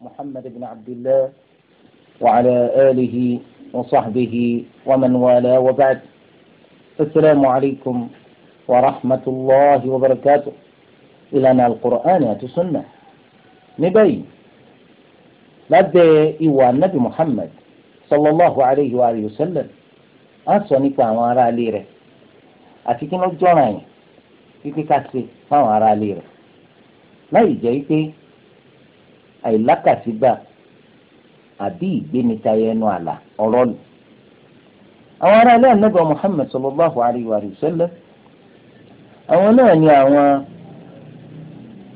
محمد بن عبد الله وعلى آله وصحبه ومن والاه وبعد السلام عليكم ورحمة الله وبركاته إلى القرآن والسنة نبي لدى إيوان النبي محمد صلى الله عليه وآله وسلم أنسوا نكا وراء ليره أتكين الجرعين يكي كاتسي فوراء ليره لا يجي àìlákàsígbà àbí ìgbénitayẹ ẹnu àlà ọ̀rọ̀ lù. àwọn ará ilé ànábì Muhammad sallallahu alayhi wa sallam àwọn náà ni àwọn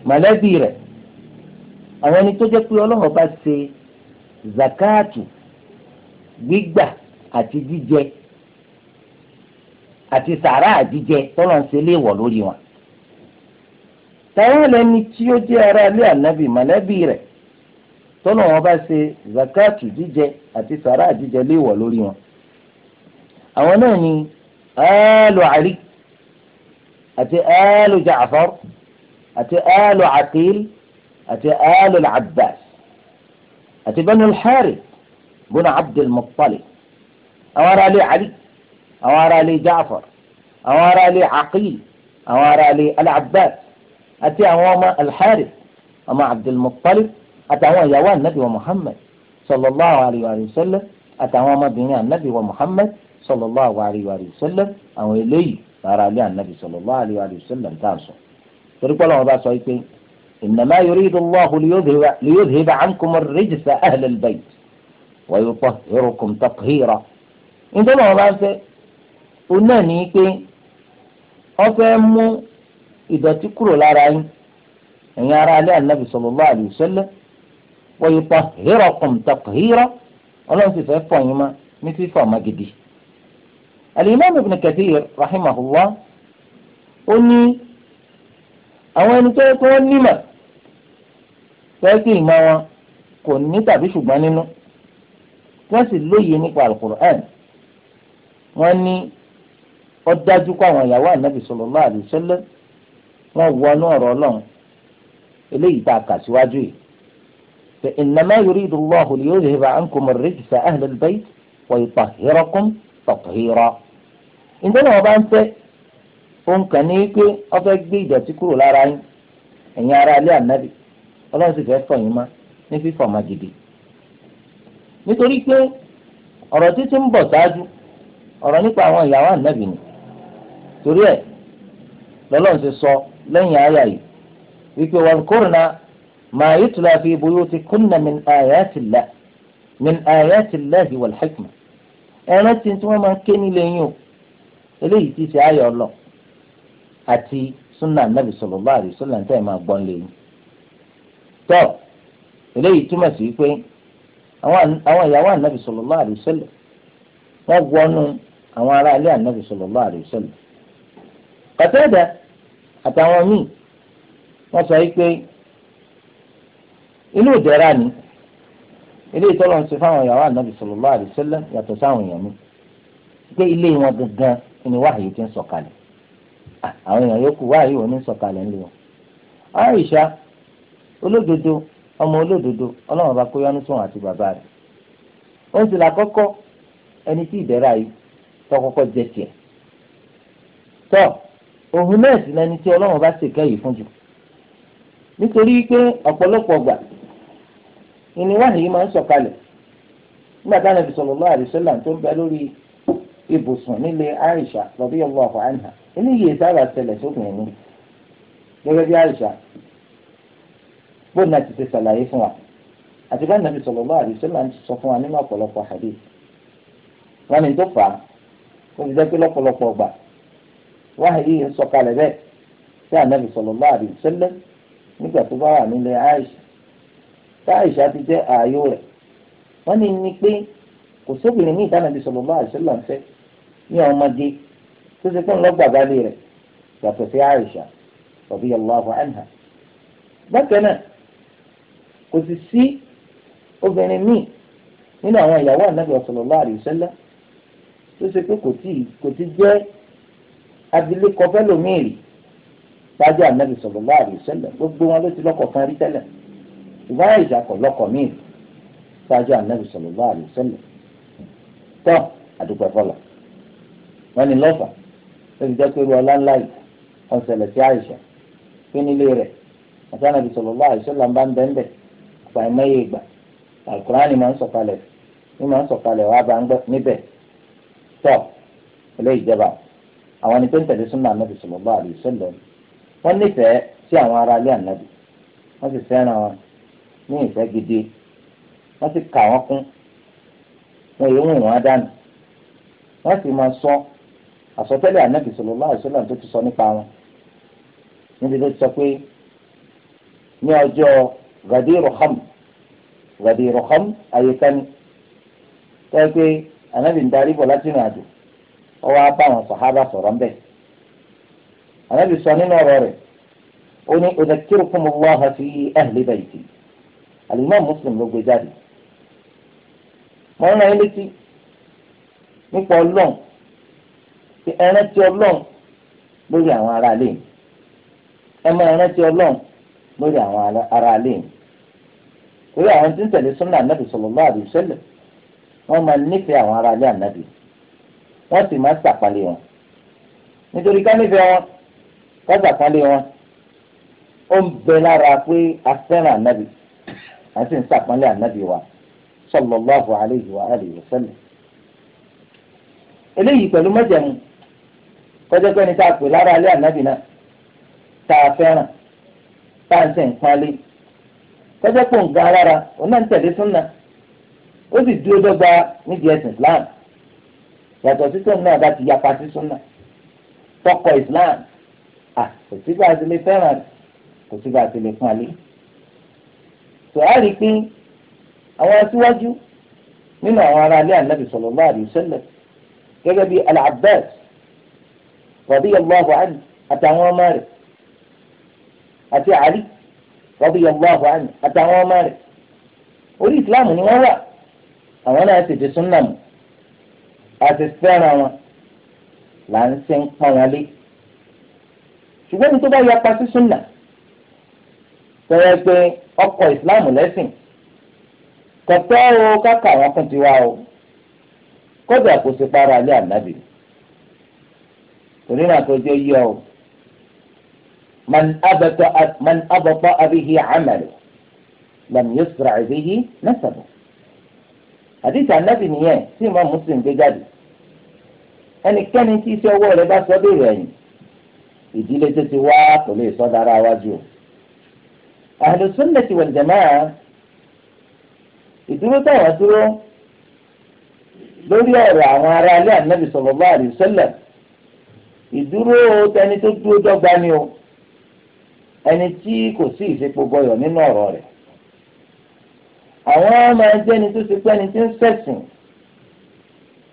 mọ̀lẹ́bí rẹ̀ àwọn ẹni tó jẹ́ pé Ọlọ́run bá ṣe zakatu gbígbà àti jíjẹ àti sàrà àjíjẹ tọ́lọ̀ ń ṣe léèwọ̀ lórí wọn. táwọn ẹlẹ́ni tí ó jẹ́ ará ilé ànábì mọ̀lẹ́bí rẹ̀ tọ́nà wọn bá ṣe zakatu jíjẹ àti sàrà jíjẹ lè wọ̀ lórí wọn. àwọn náà ni ẹ́ẹ́lù àrí àti ẹ́ẹ́lù jaafar àti ẹ́ẹ́lù àkìl àti ẹ́ẹ́lù abbas àti banu al-harith bunu abdul muttalib àwọn ará lè àrí àwọn ará lè jaafar àwọn ará lè àkìl àwọn lè ilé àti àwọn ọmọ ọmọ abdul muttalib. àtàwọn ìyàwó ànábì wa Muhammad sallallahu alayhi wa sallam àtàwọn ọmọbìnrin ànábì wa Muhammad sallallahu alayhi wa sallam àwọn eléyìí lára ilé ànábì sallallahu alayhi wa sallam tá a sọ. torí pé ọlọ́run bá sọ pé innama yuridu Allahu liyudhhiba ankum ar-rijsa ahla al-bayt wa yutahhirakum tathira. nítorí wọn bá fẹ́ òun náà ní pé wọ́n fẹ́ mú ìdọ̀tí kúrò lára yín ẹ̀yin ará ilé ànábì sallallahu alayhi wa sallam wọ́n yí pa hírọ̀ kọ̀m̀tàkọ̀ hírọ̀ ọlọ́run sì fẹ́ fọ̀ yín mọ́ ní fífọ̀ ọmọ gidi. Al-Imam Ibn Kathir rahimahullah ó ní àwọn ẹni tó yẹ kí wọ́n nímọ̀ fẹ́ kí ìmọ̀ wọn kò ní tàbí ṣùgbọ́n nínú wọ́n sì lóye nípa Al-Qur'an wọ́n ní ó dájú kó àwọn ìyàwó ànábì sallallahu alaihi wasallam wọ́n wọnú ọ̀rọ̀ ọlọ́run eléyìí tá a kà síwájú yìí فإنما يريد الله ليذهب عنكم الرجس أهل البيت ويطهركم تطهيرا عندنا وبانت òun kàn ní pé ó fẹ́ gbé ìdọ̀tí kúrò lára yín ẹ̀yin ara ilé ànábì ọlọ́run sì fẹ́ fọ̀ yín mọ́ ní fífọ̀ má gidi. nítorí pé ọ̀rọ̀ títí sọ wípé wọn kúrò ما يتلى في بيوتكن من آيات الله من آيات الله والحكمة ẹran tí tí wọn máa ń ké nílé yín o eléyìí ti ṣe ayọ ọlọ àti sunna nabi sallallahu alaihi wasallam tẹ ẹ máa gbọ́n lé yín tọ eléyìí túmọ̀ sí pé àwọn ìyàwó ànábì sallallahu alaihi wasallam wọ́n gbọ́nú àwọn ará ilé ànábì sallallahu alaihi wasallam Qatada àtàwọn míì wọ́n sọ yìí pé inú ìdẹ́ra ni ilé ìtọ́lọ̀ ń ṣe fáwọn ìyàwó ànábì sallallahu alaihi wasallam yàtọ̀ sáwọn èèyàn mi pé ilé wọn gangan ni wáhìí ti ń sọ̀kalẹ̀ àwọn èèyàn yòókù wáhìí wọn ní sọ̀kalẹ̀ ńlẹ̀ wọn. Aisha olódodo ọmọ olódodo ọlọ́run bá kóyá ní sóhun àti bàbá rẹ̀ ó ń sì làkọ́kọ́ ẹni tí ìdẹ́ra yìí tó kọ́kọ́ jẹ tiẹ̀ tọ́ òun náà sì lẹni tí ọlọ́run bá ṣèkẹ́ yìí fún jù nítorí pé ọ̀pọ̀lọpọ̀ gbà ìní wáhìí máa ń sọ̀kalẹ̀ nígbà tí Ànábì sallallahu alaihi wasallam tó ń bẹ lórí ibùsùn nílé Aisha radiyallahu anha eléyìí sábà ṣẹlẹ̀ sókè ẹni gẹ́gẹ́ bí Aisha bóun náà ti ṣe ṣàlàyé fún wa àti bá Ànábì ti sọ fún wa nínú ọ̀pọ̀lọpọ̀ wọn ni tó fà á kó fi jẹ́ lọ́pọ̀lọpọ̀ gbà wáhìí ń táyìṣà ti jẹ́ ààyò rẹ̀ wọ́n ní ní pé kò sóbìnrin ní ìdánilẹ́bí sọ̀rọ̀ bá àṣẹ lọ́nfẹ́ ní ọmọdé tó ṣe pé ńlọ́gbà balẹ̀ rẹ̀ yàtọ̀ sí àìṣà radiyallahu anha. bákan náà kò sì sí obìnrin míì nínú àwọn ìyàwó ànábì sallallahu alaihi wasallam tó ṣe pé kò tí kò ti jẹ́ abilékọ fẹ́lòmíì rí ṣáájú ànábì sallallahu alaihi wasallam gbogbo wọn ló ti lọ́kọ kan rí tẹ́lẹ̀ ṣùgbọ́n àìsà kò lọ́kọ̀ míì ṣáájú ànábì sallallahu alaihi wasallam tọ́ àdúgbò fọlọ̀ wọ́n ní lọ́fà ó ti jẹ́ pé irú ọlá ńlá yìí wọ́n ṣẹlẹ̀ sí àìsà pé nílé rẹ̀ àti ànábì sallallahu alaihi wasallam bá ń bẹ́ńbẹ́ àpá ẹ̀mẹ́yẹ ìgbà alukurani máa ń sọ̀kalẹ̀ ní máa ń sọ̀kalẹ̀ wá bá ń gbọ́ níbẹ̀ tọ́ eléyìí jẹba àwọn ẹni tó súnmọ́ ànábì sallallahu alaihi wasallam wọ́n nífẹ̀ẹ́ sí àwọn aráalé ànábì wọ́n sì fẹ́ràn wọn ní ìfẹ́ gidi wọ́n sì kà wọ́n kún wọ́n yóò rìn wọ́n dànù wọ́n sì máa sọ àsọtẹ́lẹ̀ ànábì sallallahu alaihi sọ nípa wọn níbi tó ti sọ pé ní ọjọ́ ni tẹ́ pé ànábì ń darí bọ̀ láti rìn àjò ọwọ́ abá àwọn sàhábà sọ̀rọ̀ ńbẹ̀ ànábì sọ nínú ọ̀rọ̀ rẹ̀ ó ní alimami muslim ló gbé jáde mọ ń rán yín létí nípa ọlọ́run pé ẹ rántí ọlọ́run lórí àwọn ará ilé yìí ẹ máa rántí ọlọ́run lórí àwọn ará ilé yìí àwọn tí ń tẹ̀lé súnà ànábì sallallahu alaihi wasallam wọ́n máa nífẹ̀ẹ́ àwọn ará ilé ànábì wọ́n sì máa ṣàpàlẹ̀ wọn nítorí ká nífẹ̀ẹ́ wọn ká ṣàpàlẹ̀ wọn ó ń bẹ lára pé a fẹ́ràn ànábì à ń sì ń sàpọ́nlé ànábì wa sallallahu alayhi wa alihi wa sallam. eléyìí pẹ̀lú mẹ́jẹ̀mú kọjá pé ní tá a pè lára alẹ́ ànábì náà tá a fẹ́ràn tá a ń sẹ̀ ń pálí kọjá pé òǹkà alára òun náà ń tẹ̀lé súnà ó sì dúró dọ́gba nídìí ẹ̀sìn Islam yàtọ̀ sí náà bá ti yapa sí súnà tọkọ Islam à kò sí bá a ti lè fẹ́ràn kò sí bá a ti lè pálí sọ̀hárì pé àwọn aṣíwájú nínú àwọn ará ilé ànábì sallallahu alaihi wasallam gẹ́gẹ́ bíi al-Abbas radiyallahu anhu àtàwọn ọmọ rẹ̀ àti Ali radiyallahu anhu àtàwọn ọmọ rẹ̀ orí ìsìláàmù ni wọ́n wà àwọn náà tètè súnà mọ́ àti fẹ́ràn wọn là ń ṣe ń pọ́n wọn lé ṣùgbọ́n ní tó bá yapa sí súnà. tọ́yẹ pé ọkọ̀ islam lẹ́sìn kọ̀tọ́ o káka wọn kún tiwa o kódà kò sí para alẹ́ ànábì torí náà tó jẹ́ man abọ́tọ́ abihi amẹ́lò lam yusra abihi nasabu àdìsí ànábì nìyẹn tí ìmọ̀ muslim gbé jáde ẹnikẹ́ni tí iṣẹ́ ọwọ́ rẹ̀ bá sọ béèrè ẹ̀yìn ìdílé tó ti wá kò lè sọ dára Ahlus Sunnati wal Jamaa'ah ìdúró táwọn dúró lórí ọ̀rọ̀ àwọn ará ilé ànábì sallallahu alaihi wasallam ìdúró tẹni tó dúró dọ́gba ni o ẹni tí kò sí ìfipò gbọyọ̀ nínú ọ̀rọ̀ rẹ̀ àwọn máa jẹ́ni tó ti pẹ́ni tí ń ṣẹ̀sìn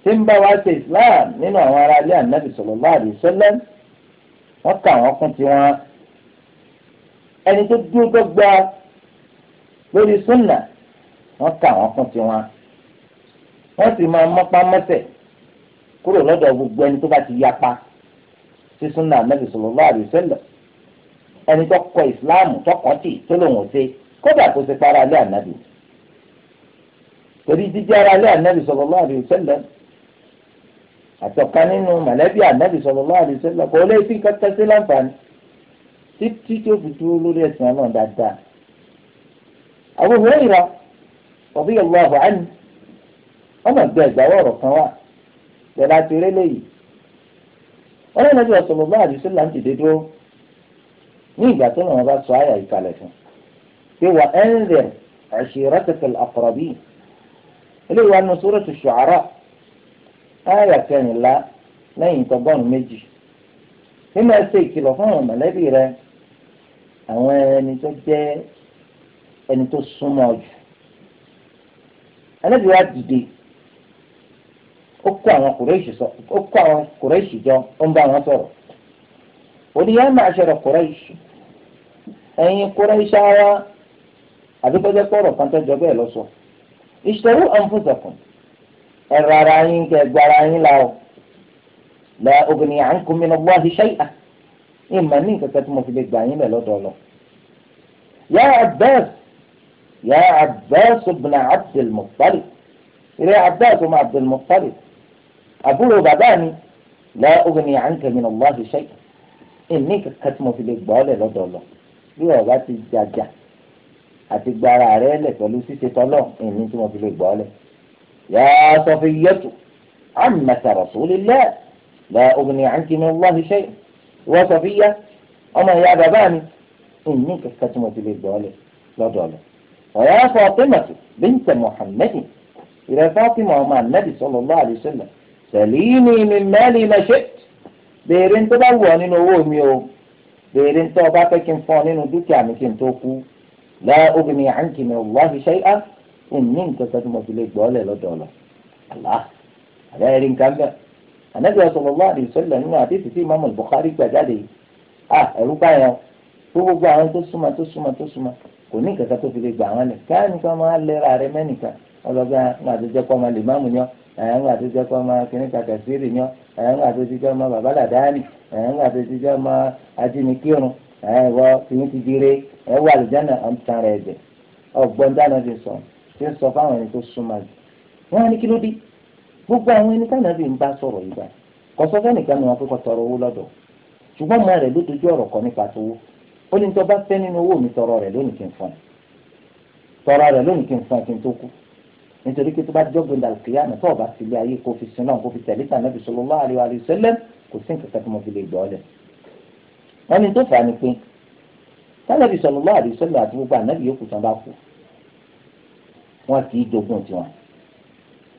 tí ń bá wa ṣe Islam nínú àwọn ará ilé ànábì sallallahu alaihi wasallam wọ́n kà wọ́n kún tiwọn ẹni tó dúró gbẹgbẹ lórí súnà wọ́n kà wọ́n fún tiwọn wọ́n sì máa mọ́pá mọ́sẹ̀ kúrò lọ́dọ̀ gbogbo ẹni tó bá ti yapa sí súnà Ànábì sallallahu alaihi wasallam ẹni tó kọ ìsìláàmù tó kọ́ tì tó lòun ò ṣe kódà kó ṣe para alẹ́ ànábì torí jíjẹ́ ara alẹ́ ànábì sallallahu alaihi wasallam nínú mọ̀lẹ́bí ànábì sallallahu alaihi kò lè fi kankan sí láǹfààní. títí tí ó fi dúró lórí ẹ̀sìn ọlọ́run dáadáa. Abu Hurairah radiyallahu anhu ọmọ ẹgbẹ́ ẹgbàáwọ̀ ọ̀rọ̀ kan wà pẹ̀lú àti eré lẹ́yìn. ọlọ́run ẹgbẹ́ ọ̀sọ̀rọ̀ bá àdìsí là ń dìde dúró ní ìgbà tó lọ́wọ́ bá sọ àyà ìkàlẹ̀ fún pé wà ẹ́ ń rẹ̀ eléyìí wà nínú àwọn ẹni tó jẹ ẹni tó súnmọ́ jù ẹlẹ́bi wa dìde ó kó àwọn kùrẹ́ṣì jọ ó ń bá wọn sọ̀rọ̀ òdìyà máa ṣẹlẹ̀ kùrẹ́ṣì ẹ̀yin kùrẹ́ṣì ara àdúgbòjẹ́ kọ̀rọ̀ kan jọ bẹ́ẹ̀ lọ sọ ìṣòro ànfọ̀sọ̀kùn ẹ̀rọ ara yín kẹgbẹ́ ara yín la obìnrin à ń mi àti ìmọ̀ ní nǹkan kan tí mo fi lè gbà yín lẹ̀ lọ́dọ̀ lọ. Ya Abbas Ya Abbas ibn Abdul Muttalib ìrẹ́ Abbas ọmọ Abdul Muttalib àbúrò bàbá mi la ughni anka min Allahi shay' ìní kankan tí mo fi lè gbà ọ́ lẹ̀ lọ́dọ̀ lọ bí ọ̀gá ti jàjà àti gbara rẹ lẹ̀ pẹ̀lú ṣíṣe tọ́lọ̀ ìní tí mo fi lè gbà ọ́ lẹ̀ Ya Safiyyatu ammata Rasulillah la ughni anki min Allahi shay' ìwọ sọ fi yá ọmọ ìyá bàbá mi ìní kankan tí mo ti lè gbọ́ lẹ̀ lọ́dọ̀ lọ. ọ̀yà Fatimatu bint Muhammadin ìrẹ́ Fatima ọmọ ànábì sallallahu alaihi wasallam salini min mali ma shi't béèrè tó bá wù nínú owó mi o béèrè tó o bá fẹ́ kí n fọ́ nínú dúkìá mi kí n tó kú la ughni anki min Allahi shay'a ànábì sallallahu alaihi a nínú àdéhùn sí Imam Bukhari gbà jáde yìí à ẹ̀rú báyọ̀ tó gbogbo àwọn tó súnmọ́ tó súnmọ́ tó súnmọ́ kò ní ìkẹta tó fi lè gbà wọn lẹ̀ káà nìkan máa lẹ́ra rẹ mẹ́nìkan ọlọ́gbà ńgbà tó jẹ́ kọ́ máa lè máàmù yan ẹ̀yàn ńgbà tó jẹ́ kọ́ máa kíní kàkà sírì yan ẹ̀yàn tó jẹ́ máa tó jẹ́ sọ ti gbogbo àwọn ẹni táwọn ẹbí ń bá sọ̀rọ̀ yìí báyìí kò sọ fẹ́ nìkan ni wọn kọ́kọ́ tọrọ owó lọ́dọ̀ ṣùgbọ́n ọmọ rẹ̀ ló dojú ọ̀rọ̀ kọ nípa tówó ó ní tó bá fẹ́ nínú owó mi tọrọ rẹ̀ lónìí kí n fọ́n tọrọ rẹ̀ lónìí kí n fọ́n kí n tó kú nítorí pé tó bá jọ́gbìn dàlùkìyà náà tó ọba sílé ayé kó fi sin náà kó fi tẹ̀lé tàn Nabi sallallahu alaihi wasallam kò sí nǹkan tó mọ fi lè gbọ́ lẹ̀. wọ́n ní tó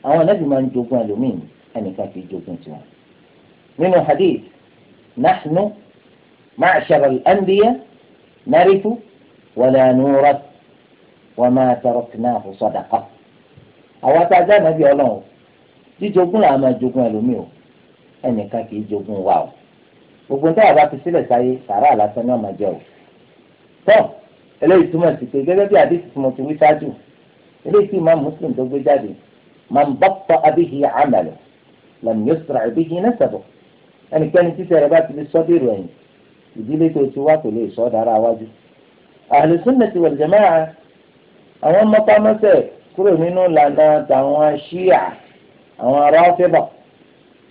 àwọn anábì máa ń jogún ẹlòmíì ẹnìkan kì í jogún tiwọn. nínú hadith nahnu ma'shara al-anbiya narithu wala nurath wa ma taraknahu sadaqa. àwọn àtàjà anábì ọlọ́run jíjogún làwọn máa jogún ẹlòmíì o ẹnìkan kì í jogún wa o gbogbo nítorí àbá fi sílẹ̀ sáyé sàrà lásán ni wọ́n máa jẹ o. tọ́ eléyìí túmọ̀ sí pé gẹ́gẹ́ bí àdéhùn tí mo ti wí ṣáájú eléyìí tí ìmáà Muslim tó gbé jáde man batta'a bihi 'amaluhu lam yusra' bihi nasabuhu ẹnikẹ́ni tí sẹ̀rẹ̀ bá ti di sọ́dẹ̀rù ẹ̀yìn ìdílé tó ti wá kò lè sọ́ dára wájú. ahlu sunnati wal jamaa'ah àwọn mọ́pámọ́sẹ̀ kúrò nínú ìlànà tàwọn ṣíà àwọn Rāfidah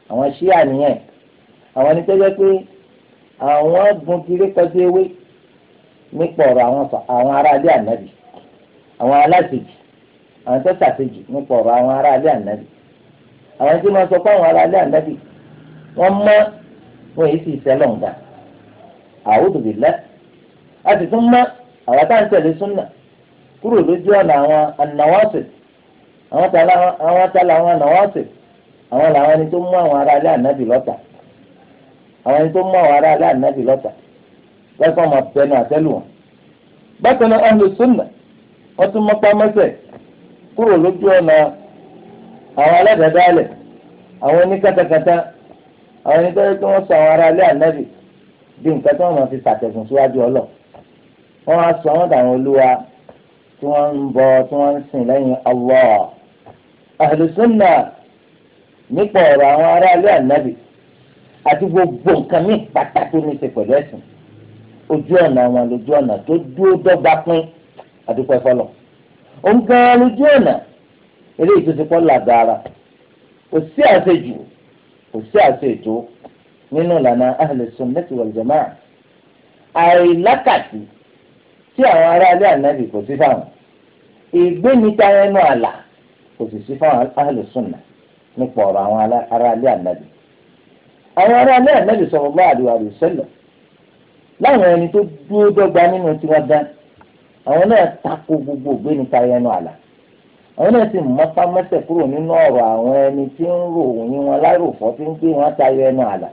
àwọn ṣíà nìyẹn àwọn ẹni tó jẹ́ pé àwọn gun kiri kọjú ewé nípa ọ̀rọ̀ àwọn ará ilé ànábì àwọn aláṣejì àwọn tó ṣàṣejù nípa ọ̀rọ̀ àwọn ará alẹ́ ànábì àwọn tí wọn sọ pé ará alẹ́ ànábì wọn èyí sì sẹ́lọ̀ ńgbà àwùjọ bì lẹ́ a sì tún mọ́ àwọn tá à ń súnà kúrò lójú ọ̀nà àwọn anáwọ́sì àwọn tá làwọn anáwọ́sì àwọn làwọn ẹni tó mú àwọn ará ànábì lọ́tà àwọn tó àwọn ará ànábì lọ́tà bẹnu wọn bákan náà ọ̀nà súnà tún kúrò lójú ọ̀nà àwọn aládàádáalẹ̀ àwọn oníkatakata àwọn onítọ́jú tí wọ́n sọ àwọn ará ilé ànábì bí nǹkan tí wọ́n máa fi ṣàtẹ̀gùn síwájú ọlọ́ wọ́n á sọ àwọn dàrún olúwa tí wọ́n ń bọ tí wọ́n ń sìn lẹ́yìn Allah àlùsùnà nípa ọ̀rọ̀ àwọn ará ilé ànábì àti gbogbo nǹkan ní pàtàkì ní ṣe pẹ̀lú ẹ̀sìn ojú ọ̀nà wọn lójú ọ̀nà tó dúró dọ́gba pín àdúpẹ́ fọlọ́ òun gan-an lójú ọ̀nà eré ìtòsíkọ́ làgàrà kò sí àṣejù kò sí àṣejù nínú ìlànà ahlu sunnati wal jamaa àìlákàtì tí àwọn aráalé ànábì kò sí fáwọn ìgbénita ẹnu àlà kò sì sí fáwọn ahlu sunna nípa ọ̀rọ̀ àwọn aráalé ànábì àwọn aráalé ànábì sallallahu alaihi wa sallam láwọn ẹni tó dúró dọ́gba nínú tiwọn dáná àwọn náà tako gbogbo ògbéni tayọ ẹnu àlà àwọn náà sì mọ́pá mẹ́sẹ̀ kúrò nínú ọ̀rọ̀ àwọn ẹni tí ń rò òyìn wọn láròfọ́ tí ń gbé wọn tayọ ẹnu àlà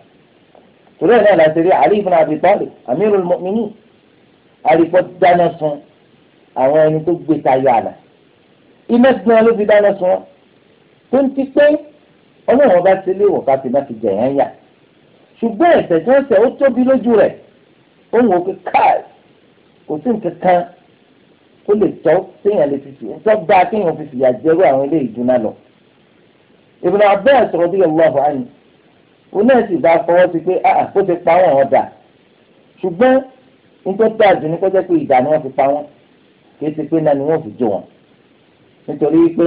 torí ẹ̀ náà láti rí Ali ibn Abi Talib Amirul Mu'minin àríkọ́ dáná sun àwọn ẹni tó gbé tayọ àlà iná gbọ́n ló fi dáná sun wọn tó ń ti pé ọlọ́run ọba ti léwọ̀ ká ti má ti jẹ̀ yẹn yà ṣùgbọ́n ẹ̀sẹ̀ tó ń sẹ̀ ó tóbi lójú rẹ̀ ó ń wò ó pé káì kò sí nǹkan kan kó lè tọ́ téèyàn lè fi fi tọ́ dáa téèyàn fi fìyà jẹ́rú àwọn ilé ìdúná lọ. Ibn Abbas radiyallahu anhu òun náà sì bá fọwọ́ sí pé àà ah, kó ti pa wọ́n ọ̀dà ṣùgbọ́n nítorí tó àjò ní kọjá pé ìdá ni wọ́n fi pa wọ́n kì í ti pé náà ni wọ́n fi jó wọn nítorí pé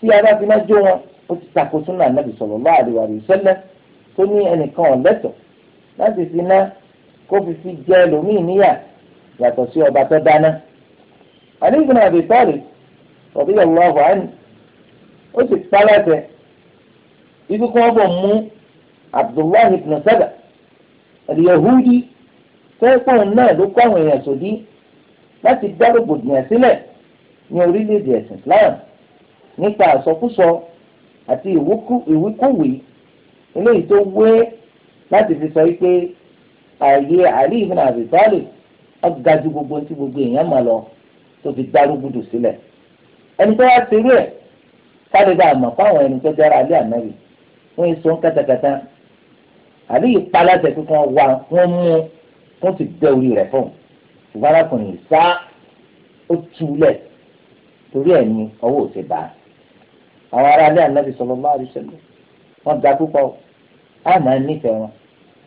tí a fi náà jó wọn ó ti tako súnà nàbì sallallahu alaihi wasallam tó ní ẹnìkan ọ̀lẹ́tọ̀ láti fi náà kó fi fi jẹ ẹlòmíì níyà yàtọ̀ sí ọba tó dáná Ali ibn Abi Talib radiyallahu anhu ó sì kpalẹsẹ ibi kí wọn bọ mú Abdullahi ibn Saba al-Yahudi sẹ́kọ̀ọ́ náà ló kọ́ àwọn èèyàn sòdí láti dárò gbòdìyàn sílẹ̀ ní orílẹ̀-èdè ẹ̀sìn Islam nípa àsọkúsọ àti ìwíkúwìí eléyìí tó wé láti fi sọ pé ààyè Ali ibn Abi ọgájú gbogbo tí gbogbo èèyàn mà lọ tó fi gbárùgùdù sílẹ̀ ẹni tó wá serú ẹ̀ káàdìgbà àmọ́ fáwọn ẹni tó dára alẹ́ ànábì wọ́n yìí sọ kẹtẹkẹtẹ àbí ìpaláṣẹ pé wọ́n wá wọ́n mú wọ́n ti bẹ́ orí rẹ̀ fún un ṣùgbọ́n arákùnrin sá ó túlẹ̀ torí ẹ̀ ní ọwọ́ òsè bá àwọn ará alẹ́ ànábì sallallahu alaihi wasallam wọ́n ga púpọ̀ á máa nífẹ̀ẹ́ wọn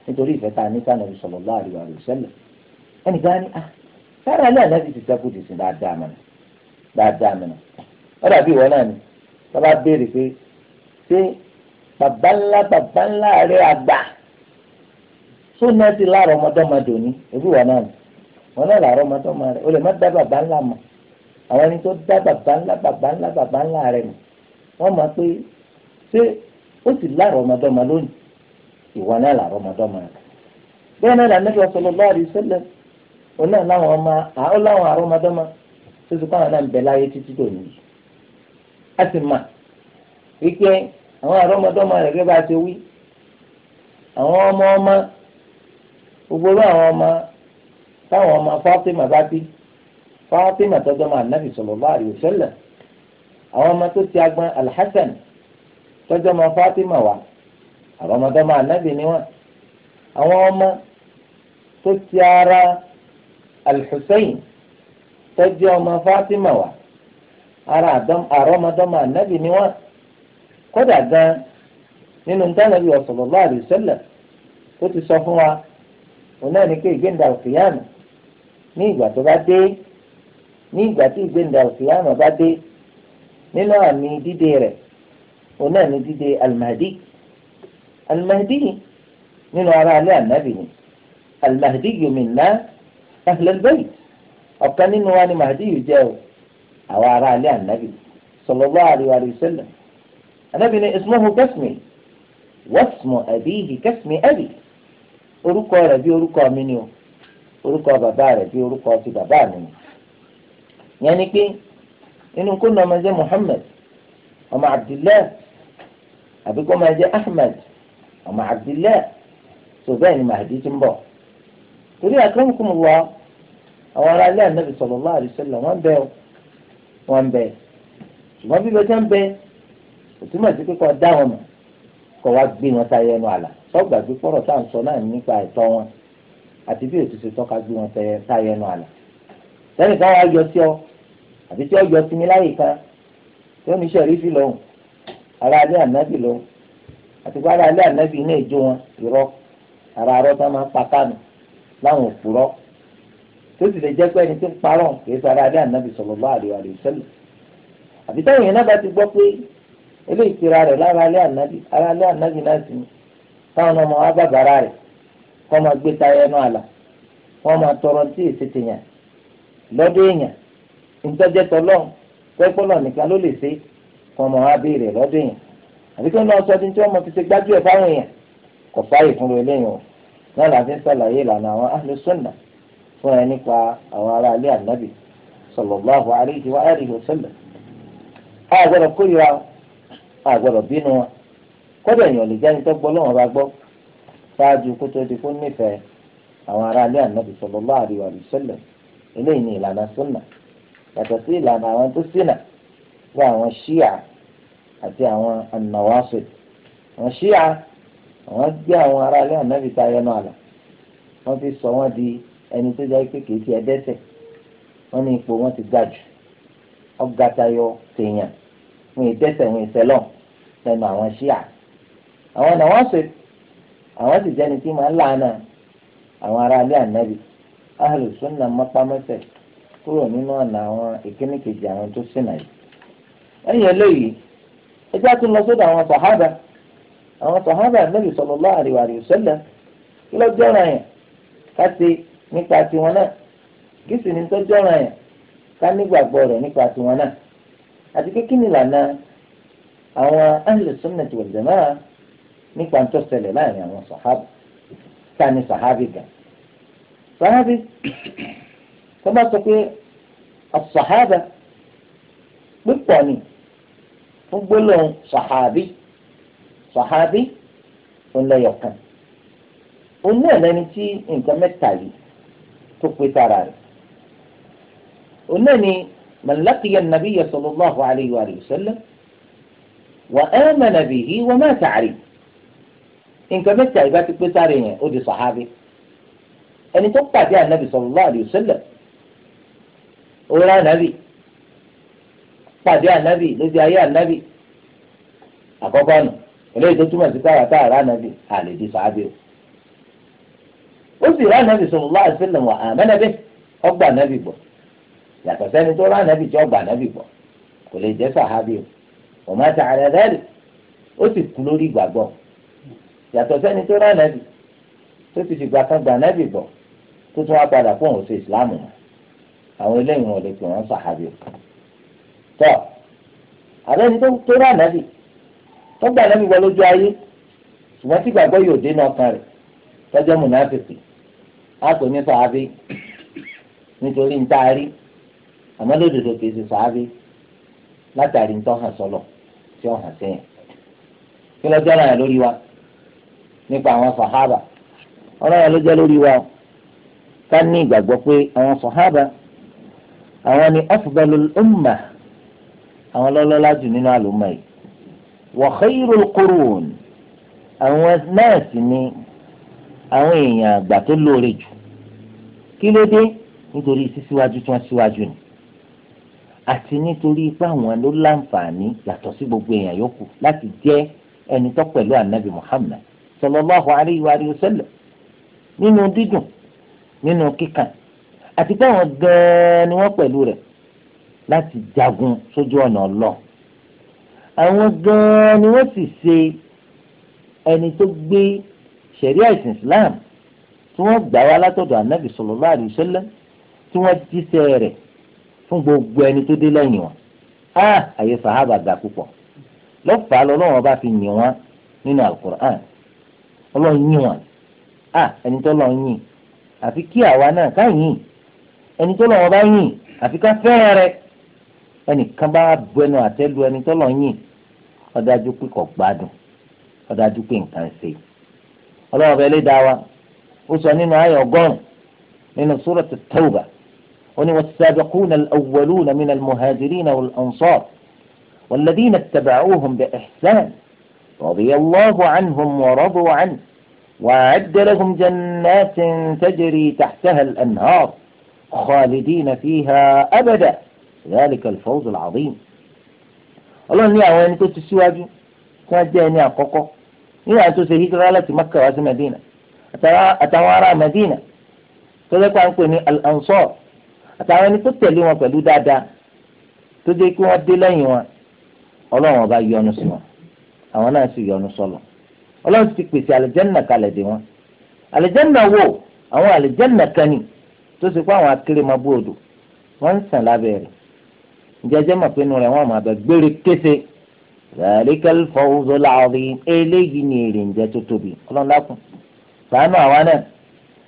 nítorí ìfẹ́ tá a ní sànàbì sallallahu alaihi ẹnìkan ni ah sára náà nàbì ti sẹ́kù dì sí dáadáa mọ́nà dáadáa mọ́nà ó dàbí ìwọ náà ni bàbá béèrè pé ṣé bàbá ńlá bàbá ńlá rẹ àgbà tó náà ti láàrọ̀ ọmọdọ́mọdò ni èbí ìwọ náà ni wọn náà làárọ̀ ọmọdọ́mọ rẹ o lè má dá bàbá ńlá mọ̀ àwọn ẹni tó dá bàbá ńlá bàbá ńlá bàbá ńlá rẹ mọ̀ wọ́n mọ̀ pé ṣé ó sì láàrọ̀ ọmọdọ́mọ lónìí ìwọ náà làárọ̀ ọmọdọ́mọ rẹ bẹ́ẹ̀ náà lànà òun náà láwọn ọmọ ó láwọn àrọ́mọdọ́mọ tó ti kọ́ àwọn náà ń bẹ láyé títí tó nìyí a sì mà wípé àwọn àrọ́mọdọ́mọ rẹ̀ gẹ́gẹ́ bá ti wí àwọn ọmọ ọmọ gbogbo àwọn ọmọ táwọn ọmọ Fátímà bá bí Fátímà tọ́jọ́ máa nábì sallallahu alaihi wasallam àwọn ọmọ tó ti agbọn al tọ́jọ́ máa Fátímà wá àrọ́mọdọ́mọ ànábì ni wọ́n àwọn ọmọ tó ti ara alḥusayn tó jẹ́ ọmọ fatima wa ara àrọ́mọdọ́mọ anabi ni wọ́n kódà gan nínú ntánàbí sallallahu alaihi wasallam tó ti sọ fún wa òun náà ní pé ìgbéǹda òkèèyàn ní ìgbà tó bá dé ní ìgbà tí ìgbéǹda òkèèyàn bá dé nínú àmì dídé rẹ̀ òun ní dídé al-Mahdi nínú ara alẹ́ ànábì ni al-Mahdi ahlul bayt ọ̀kan nínú wa ni màdí yìí jẹ́ o àwọn ará ilé ànábì sallallahu alaihi wa sallam ànábì ni ismuhu kasmi wasmu abihi kasmi abi orúkọ rẹ̀ bí orúkọ mi ni o orúkọ bàbá rẹ̀ bí orúkọ ti bàbá mi ni yẹn ni pé inú kó nà ọmọ jẹ́ muhammed ọmọ abdullahi àbíkó ọmọ jẹ́ ahmed ọmọ abdullahi tó bẹ́ẹ̀ ni màdí ti ń bọ̀ torí àkàràmùkù mu wá àwọn ará ilé ànábì sallallahu alaihi wasallam wọ́n bẹ wọ́n bẹ ṣùgbọ́n bí bẹ́ẹ̀ tẹ́ ń bẹ kò túmọ̀ sí pé kò dá wọn mọ̀ kò wá gbé wọn sáyé ẹnu àlà sọ́gbà gbé fọ́rọ̀ tá à ń sọ náà nípa ẹ̀tọ́ wọn àti bí ètò ṣe tọ́ka gbé wọn sáyé ẹnu àlà sẹ́ni ká wá yọ sí ọ àbí tí ọ yọ sí mi láyè kan tí ó ní sẹ́rífì lòun ará ilé ànábì lòun àti pé ará ilé ànábì ní ìjó wọn ìrọ láwọn òpùrọ́ tó sì lè jẹ́ pé ẹni tí ń parọ kì í sara adé ànábì sallallahu alaihi wasallam àbí táwọn náà bá ti gbọ́ pé eléyìí ra rẹ̀ lára alẹ́ ànábì ara alẹ́ ànábì náà sì ni táwọn ọmọ wa bá bàrà rẹ̀ kọ́ máa gbé ta ẹnu àlà máa tọrọ tí èsì ti yàn lọ́dọ̀ èèyàn nìkan ló lè ṣe kọ́ máa wá béèrè lọ́dọ̀ èèyàn àbí kí wọ́n náà láti sàlàyé ìlànà àwọn ahlu sunnah fún ẹ nípa àwọn ará ilé ànábì sallallahu alayhi wa alihi wa sallam a gbọ́dọ̀ kórìíra a gbọ́dọ̀ bínú wọn kódà èèyàn lè jáde tó gbọ́ lọ́wọ́n bá gbọ́ ṣáájú kó tó di kó nífẹ̀ẹ́ àwọn ará ilé ànábì sallallahu alayhi wa sallam eléyìí ni ìlànà sunnah yàtọ̀ sí ìlànà àwọn tó ṣìnà bí àwọn ṣíà àti àwọn an àwọn ṣíà àwọn gbé àwọn aráalé ànábì sáyẹnú àlà wọn ti sọ wọ́n di ẹni tó jẹ́ pé kìí ti wọn ní ipò wọn ti ga jù ọ̀gá tayọ tèèyàn wọn ì wọn ì sẹ́lọ̀ àwọn ṣíà àwọn náà wọ́n ṣe àwọn sì jẹ́ni tí máa lànà àwọn na ànábì ahlu sunna mọ́pámẹ́sẹ̀ kúrò nínú ọ̀nà àwọn ìkíní kejì àwọn tó sìnà yìí ẹ̀yìn eléyìí àti àwọn sàhábà Ànábì sallallahu alaihi wa sallam kí ló jọ́ra yẹn ká ṣe nípa tiwọn náà kí sì ní tó jọ́ra yẹn ká nígbàgbọ́ rẹ̀ nípa tiwọn náà àti pé kí ni ìlànà àwọn ahlu sunnati wal jamaa nípa tó ṣẹlẹ̀ láàrin àwọn sàhábà ká ní sàhábì gan sàhábì tó sọ pé as pípọ̀ ni fún gbólóhùn sàhábì sọ̀hábí ńlẹ́yọ̀kan oní ẹ̀lẹ́ni tí nǹkan mẹ́ta yìí tó pé tara rẹ̀ oní ẹ̀ni mọ̀lákìyà nàbí yasọ̀lọ́ lọ́hùn àlẹ́yọ̀ àlẹ́yọ̀sẹ́lẹ̀ wà ẹ́ mẹ́nàbí yìí wọ́n máa tààrí nǹkan mẹ́ta yìí bá ti pé tara yẹn ó di sọ̀hábí ẹni tó pàdé ànábì sọ̀lọ́ àlẹ́yọ̀sẹ́lẹ̀ òwúrọ̀ ànábì pàdé ànábì lójú ayé ànábì àkọ́kọ́ nù eléyìí tó túmọ̀ sí káyà tá àrà nàbì àlè di sàábì o ó sì rà nàbì sallallahu alaihi wasallam wà àmẹ́nàbì ọgbà nàbì gbọ́ yàtọ̀ sẹ́ni tó rà nàbì tí ọgbà nàbì gbọ́ kò lè jẹ́ sàábì o ọmọ àti àrẹ rẹ́ẹ̀lì ó sì kú lórí ìgbàgbọ́ yàtọ̀ sẹ́ni tó rà nàbì tó ti fìgbà kan gbà nàbì gbọ́ tó tún wá padà fún òun ṣe ìsìláàmù àwọn eléyìí wọn lè pè wọn sàábì o tọ́ àrẹ́ni tó rà wọ́n gbà lẹ́nu ìwọ lójú ayé ṣùgbọ́n tí gbàgbọ́ yóò dé náà kan rẹ̀ tọ́jọ́ mùnáfíìsì á pè ní sàábí nítorí ń taari àmọ́ lódodo kìí ṣe sàábí látàrí ń tọ́ hàn sọ́lọ̀ tí ó hàn sẹ́yìn kí lọ́jọ́ náà lórí wa nípa àwọn sàhábà ọlọ́run ló jẹ́ lórí wa ká ní ìgbàgbọ́ pé àwọn sàhábà àwọn ni afdalul ummah àwọn lọ́lọ́lá jù nínú àlùmọ́ yìí wa khayrul qurun àwọn náà sì ni àwọn èèyàn àgbà tó lóore jù kí ló dé nítorí sísíwájú tí wọ́n síwájú ni àti nítorí pé àwọn ló láǹfààní yàtọ̀ sí gbogbo èèyàn yòókù láti jẹ́ ẹni tó pẹ̀lú ànábì Muhammad sallallahu alayhi wa sallam nínú dídùn nínú kíkàn àti pé àwọn gan ni wọ́n pẹ̀lú rẹ̀ láti jagun sójú ọ̀nà ọlọ́ọ̀ àwọn gan-an ni wọ́n sì ṣe ẹni tó gbé ṣẹ̀ríà ìsìn Islam tí wọ́n gbà wá látọ̀dọ̀ Ànábì sallallahu alaihi wasallam tí wọ́n jíṣẹ́ rẹ̀ fún gbogbo ẹni tó dé lẹ́yìn wọn á àyè sàhábà ga púpọ̀ lọ́fàá lọ́lọ́wọ́n bá fi yìn wọn nínú alukur'an ọlọ́run yìn wọn á ẹni tó lọ́ọ́ yìn àfi kí àwa náà ká yìn ẹni tó lọ́wọ́ bá yìn àfi ká fẹ́ rẹ̀ ẹnìkan bá bẹnu àtẹ́lu ẹni tọ́lọ̀ yìn ọ̀dájú pé kò gbádùn ọ̀dájú pé nǹkan ṣe ọlọ́wọ́ bẹ́ẹ̀ lé dá wa ó sọ nínú ayọ̀ ọgọ́rùn nínú súrọ̀tì tẹ́wùbà ó ní والسابقون الأولون من المهاجرين والأنصار والذين اتبعوهم بإحسان رضي الله عنهم ورضوا عنه وأعد لهم جنات تجري تحتها الأنهار خالدين فيها أبدا ذلك الفوز العظيم ọlọ́run ní àwọn ẹni tó ti síwájú tí wọ́n jẹ́ ẹni àkọ́kọ́ nínú àwọn tó ṣe hijira láti Makka wá sí Medina àtàwọn ará Medina tó jẹ́ pé à ń pè ní al-ansar àtàwọn ẹni tó tẹ̀lé wọn pẹ̀lú dáadáa tó jẹ́ kí wọ́n dé lẹ́yìn wọn ọlọ́run ọba yọ́nú sí wọn àwọn náà sì yọ́nú sọ́lọ̀ ọlọ́run ti pèsè àlùjánnà kalẹ̀ dé wọn àlùjánnà wo àwọn àlùjánnà kan ni tó ṣe pé àwọn akéré máa bú odò wọ́n ń sàn lábẹ́ rẹ̀ jẹjẹ mọ̀ pé inú rẹ̀ wọ́n máa bẹ gbére kése zalikal fawzul azim eléyìí ni èrè ǹjẹ́ tó tóbi ọlọ́lákùn sànú àwa náà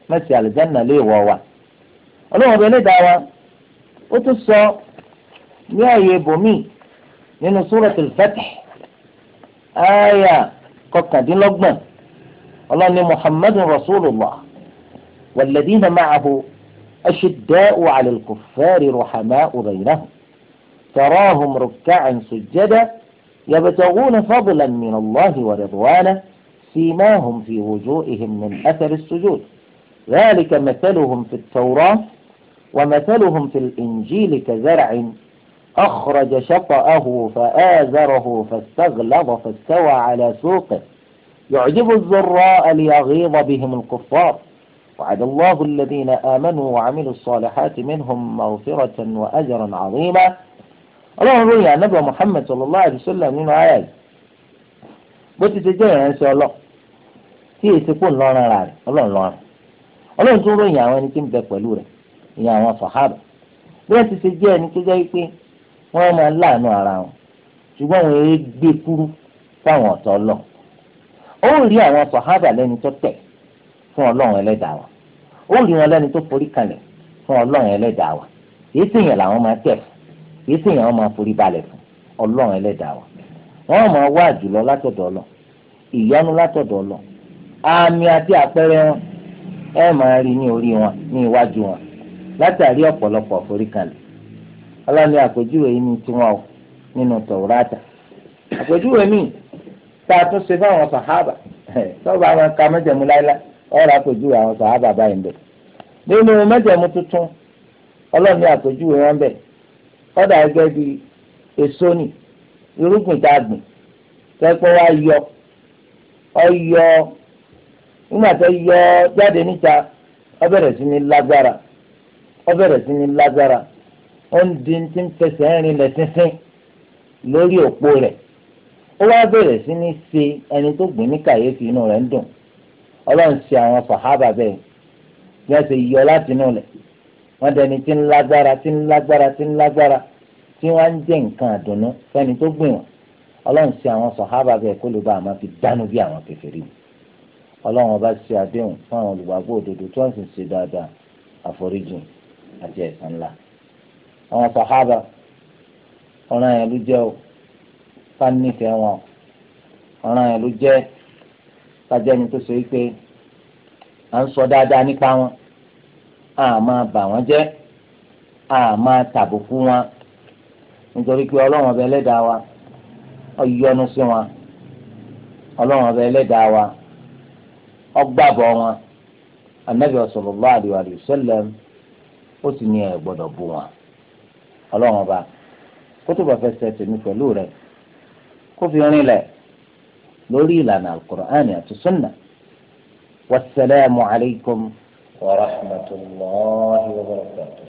mẹ́sì àlùjáná lè wọ̀ wá ọlọ́wọ́n bẹ lẹ́dàá wa ó tún sọ ní ààyè bòmí nínú suratul Fath ààyà kọkàndínlọ́gbọ̀n ọlọ́ni muhammadu rasulullah walladhina ma'ahu ashidda'u 'alal kuffari ruhama'u baynahum. تراهم ركعا سجدا يبتغون فضلا من الله ورضوانه سيماهم في وجوههم من أثر السجود ذلك مثلهم في التوراة ومثلهم في الإنجيل كزرع أخرج شطأه فآزره فاستغلظ فاستوى على سوقه يعجب الزراء ليغيظ بهم الكفار وعد الله الذين آمنوا وعملوا الصالحات منهم مغفرة وأجرا عظيما ọlọ́run ròyìn anábì Muhammad sallallahu alaihi wasallam nínú ayà yìí bó ti ṣe jẹ́ ìránṣẹ́ ọlọ́ tí èsì kò lọ́rùn ara rẹ̀ ọlọ́run lọ́rùn ọlọ́run tún ròyìn àwọn ẹni tí ń bẹ pẹ̀lú rẹ̀ ìyẹn àwọn sàhábà bí wọ́n ti ṣe jẹ́ ẹni tó jẹ́ pé wọ́n máa láàánú ara wọn ṣùgbọ́n àwọn eré gbé kúrú fáwọn ọ̀tọ̀ ọlọ́ ó rí àwọn sàhábà lẹ́ni tó tẹ̀ fún ọlọ́run ẹlẹ́dàá wa ó rí wọn lẹ́ni tó forí kalẹ̀ fún ọlọ́run ẹlẹ́dàá wa èyí sì yàn làwọn máa tẹ̀ fún kìí sì yàn wọn máa forí balẹ̀ fún ọlọ́run ẹlẹ́dàá wa wọn máa wá àjùlọ látọ̀dọ̀ ọlọ ìyanu látọ̀dọ̀ ọlọ àmì àti àpẹẹrẹ wọn ẹ máa rí ní orí wọn ní iwájú wọn látàrí ọ̀pọ̀lọpọ̀ àforíkalẹ̀ ọlọ́ni àpèjúwe yìí ni tiwọn o nínú tọ̀wúrátà àpèjúwe tún ṣe fáwọn sàhábà àwọn ká mẹ́jẹ̀mú ọ̀rọ̀ àpèjúwe àwọn sàhábà báyìí ń bẹ ọ̀dà gẹ́gẹ́ bí èso ni irúgbìn tá a gbìn tẹ́pẹ́ wá yọ ọyọ nígbà tó yọ jáde níta ó bẹ̀rẹ̀ sí ní lágbára ó bẹ̀rẹ̀ sí ní lágbára ó ń di ti ń fẹsẹ̀ rìn lẹ̀ sínsìn lórí òpó rẹ̀ ó wá bẹ̀rẹ̀ sí ní ṣe ẹni tó gbìn ní kàyéfì inú rẹ̀ ń dùn ọlọ́run ṣe àwọn sàhábà bẹ́ẹ̀ bí wọ́n ṣe yọ láti inú lẹ̀ wọ́n dẹni tí ń lágbára tí ń lágbára tí ń lágbára tí wọ́n ń jẹ́ nǹkan àdùnnú fẹ́ni tó gbìn wọ́n ọlọ́run ṣe àwọn sọ̀hábà bẹ́ẹ̀ kó lè bá àwọn fi dánú bí àwọn kèfèrí ni ọlọ́run ọba ṣe àdéhùn fún àwọn olùgbàgbọ́ òdodo tí wọ́n sì ń ṣe dáadáa àforíjì àti ẹ̀san ńlá àwọn sọ̀hábà ọ̀ràn yẹn ló jẹ́ o ká wọn ọ̀ràn yẹn ló jẹ́ ká tó ṣe wípé à ń sọ dáadáa nípa wọn a máa bà wọ́n jẹ́ a máa tàbùkù wọn nítorí pé ọlọ́run bẹ ẹlẹ́dàá wa ó sí wọn bẹ wa wọn anabi sallallahu alaihi wasallam ó sì ní ẹ gbọ́dọ̀ wọn ọlọ́run bá fẹ́ ṣe tèmi pẹ̀lú rẹ̀ kó fi rinlẹ̀ lórí ìlànà al ورحمة الله وبركاته